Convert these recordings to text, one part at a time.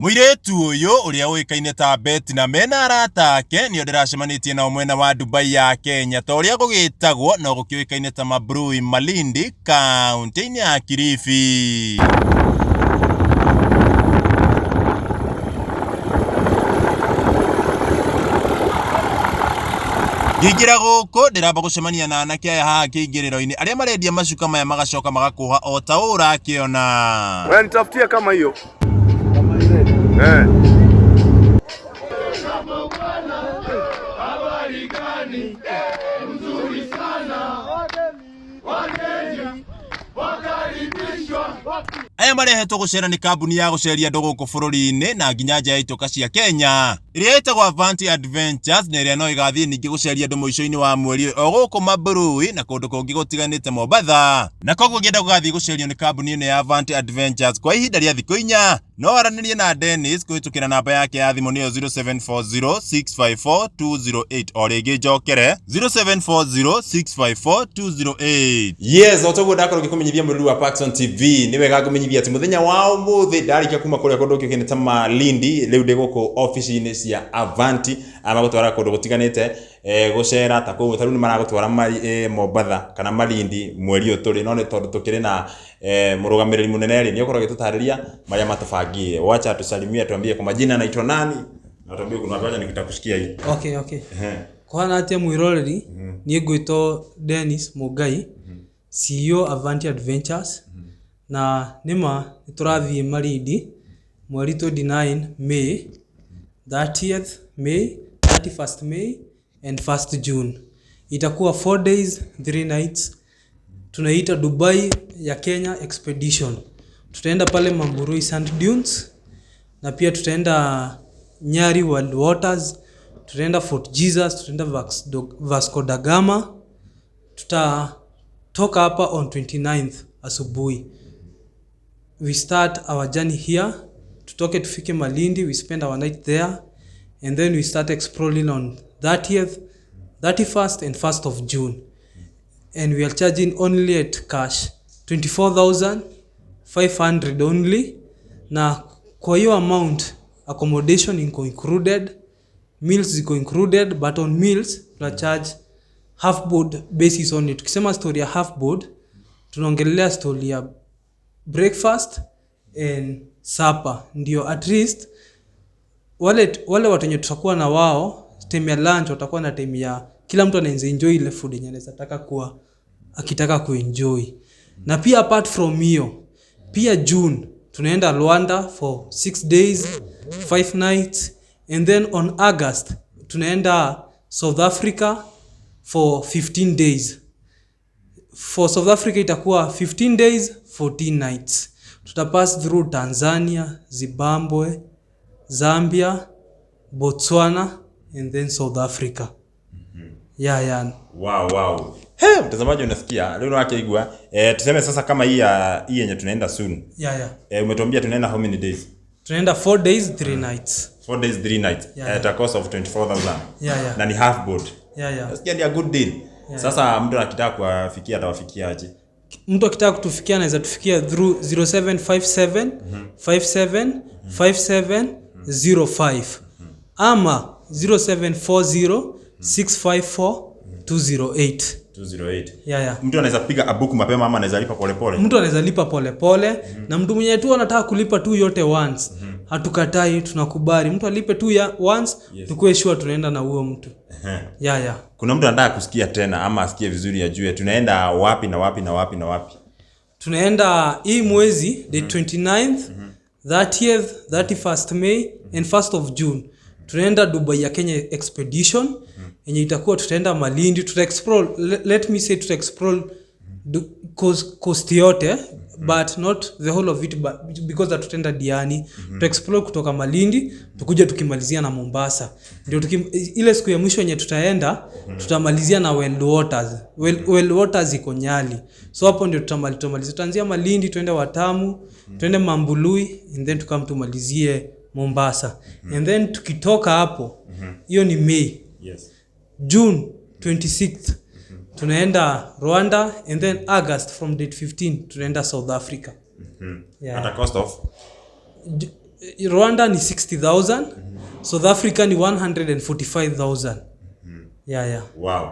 muiretu uyu uria uikaine ta Betina mena arata ake nio ndiracemanitie nao mwena wa Dubai ya Kenya ta uria gugitagwo no gukiuikaine ta Mabrui Malindi kaunti-ini ya Kilifi ngingira guku ndiramba gucemania na anake aya haha kiingiriro-ini aria marendia macuka maya magacoka magakuha o ta urakiona nitafutia kama hiyo Aya marehetwo gucera ni kambuni ya guceria andu guku bururi-ini na nginya nja ya cia Kenya ĩrĩa ĩtagwo Avanti Adventures na ĩrĩa no ĩgathiĩ ningĩ gũceria andũ mũico-inĩ wa mweri o gũkũ na kũndũ kũngĩ gũtiganĩte Mombatha na koguo ũngĩenda gũgathiĩ gũcerio nĩ kambuni ĩno ya Avanti Adventures kwa ihinda rĩa thikũ inya no aranĩrie na Dennis kũhĩtũkĩra namba yake ya thimũ nĩyo 0740654208 o rĩngĩ njokere 0740654208 yes o toguo ndakorwo ngĩkũmenyithia mũrũri wa Paxton TV nĩ wega ngũmenyithia atĩ mũthenya wa ũmũthĩ ndarĩkia kuma kũrĩa kũndũ kĩngĩ nĩ ta Malindi rĩu ndĩ gũkũ inĩ cia Avanti ama gutwara kundu gutiganite eh, gucera ta kwo taru ni maragutwara mari eh, Mombatha kana Malindi mweri uyu turi no ni tondu tukiri na eh, murugamiriri munene ri ni ukorwo gitutariria maria matubangiire wacha tusalimia tuambie kwa majina na naitwa nani na tuambie kuna watu nikitakusikia hii okay okay kwana atia mwiroreri mhm. niĩ ngwĩtwo Dennis Mũngai CEO Avanti Adventures mhm. na nĩma nĩtũrathiĩ Malindi mweri 29 May 30th May, 31st May and 1st June. Itakuwa 4 days 3 nights. Tunaita Dubai ya Kenya Expedition. Tutaenda pale Mamburui Sand Dunes na pia tutaenda Nyari World Waters, tutaenda Fort Jesus, tutaenda Vasco da Gama. Tutatoka hapa on 29th asubuhi. We start our journey here. Tutoke tufike Malindi, we spend our night there and then we start exploring on 30th 31st and 1st of June and we are charging only at cash 24500 only na kwa hiyo amount accommodation iko included meals ziko included but on meals tuna charge half board basis only tukisema story ya half board tunaongelea story ya breakfast and supper ndio at least wale wale watu wenye tutakuwa na wao time ya lunch watakuwa na time ya kila mtu anaweza enjoy ile food yenye anaweza taka kuwa akitaka kuenjoy. Na pia apart from hiyo, pia June tunaenda Rwanda for 6 days 5 nights and then on August tunaenda South Africa for 15 days. For South Africa itakuwa 15 days 14 nights. Tutapass through Tanzania, Zimbabwe Zambia, Botswana and then South Africa. Mm-hmm. Yeah, yeah. Wow, wow. Hey, mtazamaji unasikia leo wake igwa. Eh, tuseme sasa kama hii ya hii yenye tunaenda soon. Yeah, yeah. Eh, umetuambia tunaenda how many days? Tunaenda 4 days 3 mm. nights. 4 days 3 nights yeah, eh, yeah. At a cost of 24000. Yeah, yeah. Na ni half board. Yeah, yeah. ni a good deal. Yeah, sasa yeah. Mtu akitaka kuwafikia atawafikia aje? Mtu akitaka kutufikia anaweza tufikia through 0757 mm-hmm. 57 57 0705 ama 0740654208 Yeah, yeah. Mtu anaweza piga abuku mapema ama anaweza lipa polepole. Mtu anaweza lipa polepole pole, mm -hmm. Na mtu mwenye tu anataka kulipa tu yote once. Mm -hmm. Hatukatai, tunakubali. Mtu alipe tu ya once, yes. Tukue sure tunaenda na huo mtu. Yeah, yeah. Kuna mtu anataka kusikia tena ama asikie vizuri ya ajue tunaenda wapi na wapi na wapi na wapi. Tunaenda hii mwezi the 29th. Mm -hmm. 30th, 31st May and 1st of June tunaenda Dubai ya Kenya expedition yenye mm. itakuwa tutaenda Malindi, tuta explore, let me say tuta explore do, cost, cost yote mm-hmm. but not the whole of it but, because hatutaenda Diani mm-hmm. tuexplore kutoka Malindi tukuja tukimalizia na Mombasa ndio tukim, ile siku ya mwisho yenye tutaenda mhm. tutamalizia na well waters well, waters iko Nyali so hapo ndio tutamalizia tutaanzia Malindi tuende Watamu mhm. tuende Mambului and then tukam tumalizie Mombasa mm-hmm. and then tukitoka hapo mhm. hiyo mm-hmm. ni May yes. June 26th tunaenda Rwanda and then August from date 15 tunaenda South Africa. Mm -hmm. Yeah. At a cost of Rwanda ni 60000, mm -hmm. South Africa ni 145000. Mm -hmm. Yeah, yeah. Wow.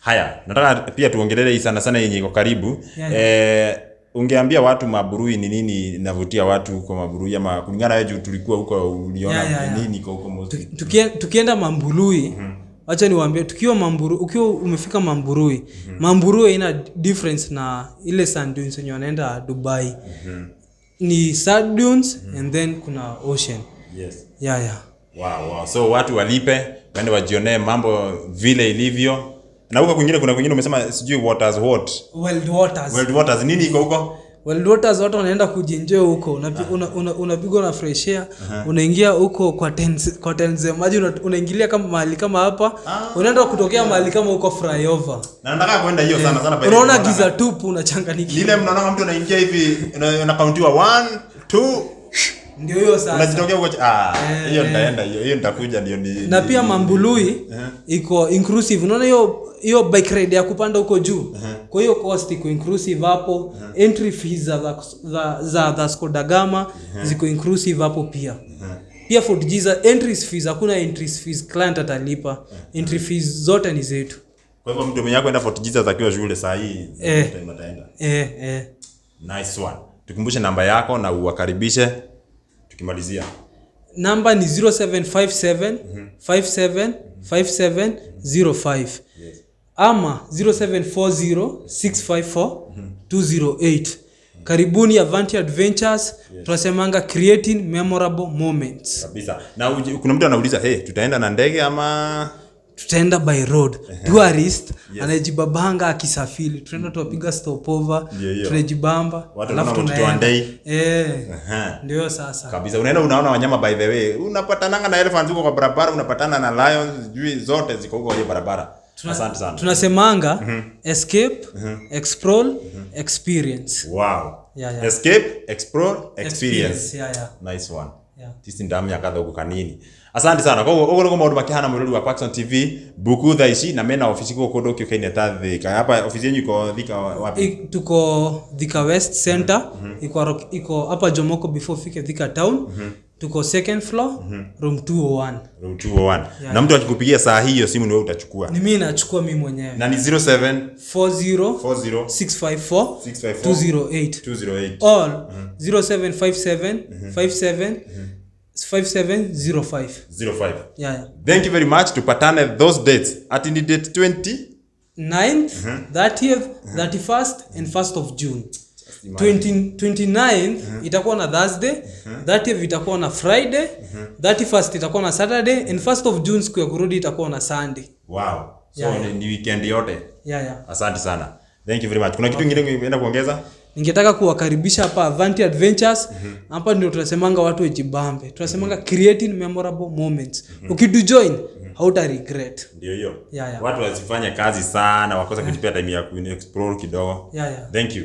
Haya, nataka pia tuongelele hii sana sana yenye iko karibu. Yeah, yeah. Eh, ungeambia watu Maburui ni nini navutia watu kwa Maburui ama kulingana wewe tulikuwa huko uliona yeah, yeah, yeah. nini kwa huko Tukienda Mambului mm -hmm wacha niwaambie, tukiwa mamburu, ukiwa umefika Mamburui mm -hmm. Mamburui ina difference na ile sand dunes yenye wanaenda Dubai mm -hmm. ni sand dunes mm -hmm. and then kuna ocean yes. yeah, yeah. Wow, wow. So watu walipe waende wajionee mambo vile ilivyo, na huko kwingine kuna kwingine umesema sijui waters what? Wild waters. Wild waters. Nini iko huko? Wildwaters watu wanaenda kujinjoa huko, unapigwa ah. una, una, una na fresh air Unaingia huko kwa tense, kwa tense maji unaingilia kama mahali kama hapa ah, unaenda kutokea mahali kama huko flyover na nataka kwenda hiyo sana sana, eh. unaona giza tupu, unachanganyikiwa Lile mnaona mtu anaingia hivi, unakauntiwa 1 2 ndio hiyo sasa. Unajitokea huko ah, eh. hiyo ndaenda hiyo. Hiyo nitakuja ndio ni. Na pia Mambului eh. iko inclusive. Unaona hiyo hiyo bike ride ya kupanda huko juu. Eh. Kwa hiyo cost iko inclusive hapo. Entry fees za za za, za Skoda Gama ziko inclusive hapo pia. Pia Ford Giza entry fees hakuna entry fees client atalipa. Entry fees zote ni zetu. Kwa hivyo mtu mwenye akwenda Ford Giza atakiwa shule saa hii. Eh, eh, eh. Nice one. Tukumbushe namba yako na uwakaribishe tukimalizia namba ni 0757 mm -hmm. 57 5705 yes. ama 0740 654 mm -hmm. 208 Karibuni Avanti Adventures yes. Tunasemanga creating memorable moments kabisa. Na uji, kuna mtu anauliza hey, tutaenda na ndege ama tutaenda by road tourist yes. anajibabanga akisafiri tunaenda mm. tuwapiga stopover tunajibamba alafu tunaenda eh ndio sasa kabisa unaenda unaona wanyama by the way unapatananga na elephants huko kwa barabara unapatana na lions juu zote ziko huko kwa barabara Tuna, asante sana tunasemanga mm-hmm. escape mm-hmm. explore mhm. experience wow escape explore experience, nice one Tisi ndamu ya katho uko kanini Asante sana. Kwa hivyo ngo maundu makihana mwiruri wa Paxson TV buku tha ici na mena ofisi ko kundu kyo kaine ta thika. Hapa ofisi yenyu iko thika wapi? I, tuko Thika West Center. Mm -hmm. Iko iko hapa Jomoko before fike Thika Town. Mm -hmm. Tuko second floor mm -hmm. room 201. Room 201. Yeah. Na mtu akikupigia saa hiyo simu ni wewe utachukua. Ni mimi nachukua mimi mwenyewe. Na ni 07 All mm -hmm. 0757 5705. 05. Yeah. Thank you very much. Tupatane those dates. At the date 20 9th, mm -hmm. 30th, 31st and 1st of June. 29 uh-huh. itakuwa na Thursday, 30th uh-huh. itakuwa na Friday, 31st uh-huh. itakuwa na Saturday and 1st of June siku ya kurudi itakuwa na Sunday. Wow. So yeah, yeah. Ni weekend yote. Yeah, yeah. Asante sana. Thank you very much. Kuna kitu kingine ungeenda kuongeza? Ningetaka kuwakaribisha hapa Avanti Adventures. Mm -hmm. Hapa ndio tunasemanga watu wajibambe. Tunasemanga mm -hmm. creating memorable moments. Mm -hmm. Ukidujoin, mm -hmm. hauta regret. Ndio hiyo. Yeah, yeah. Watu wazifanye kazi sana, wakosa kujipea time ya kuexplore kidogo. Yeah, yeah. Thank you.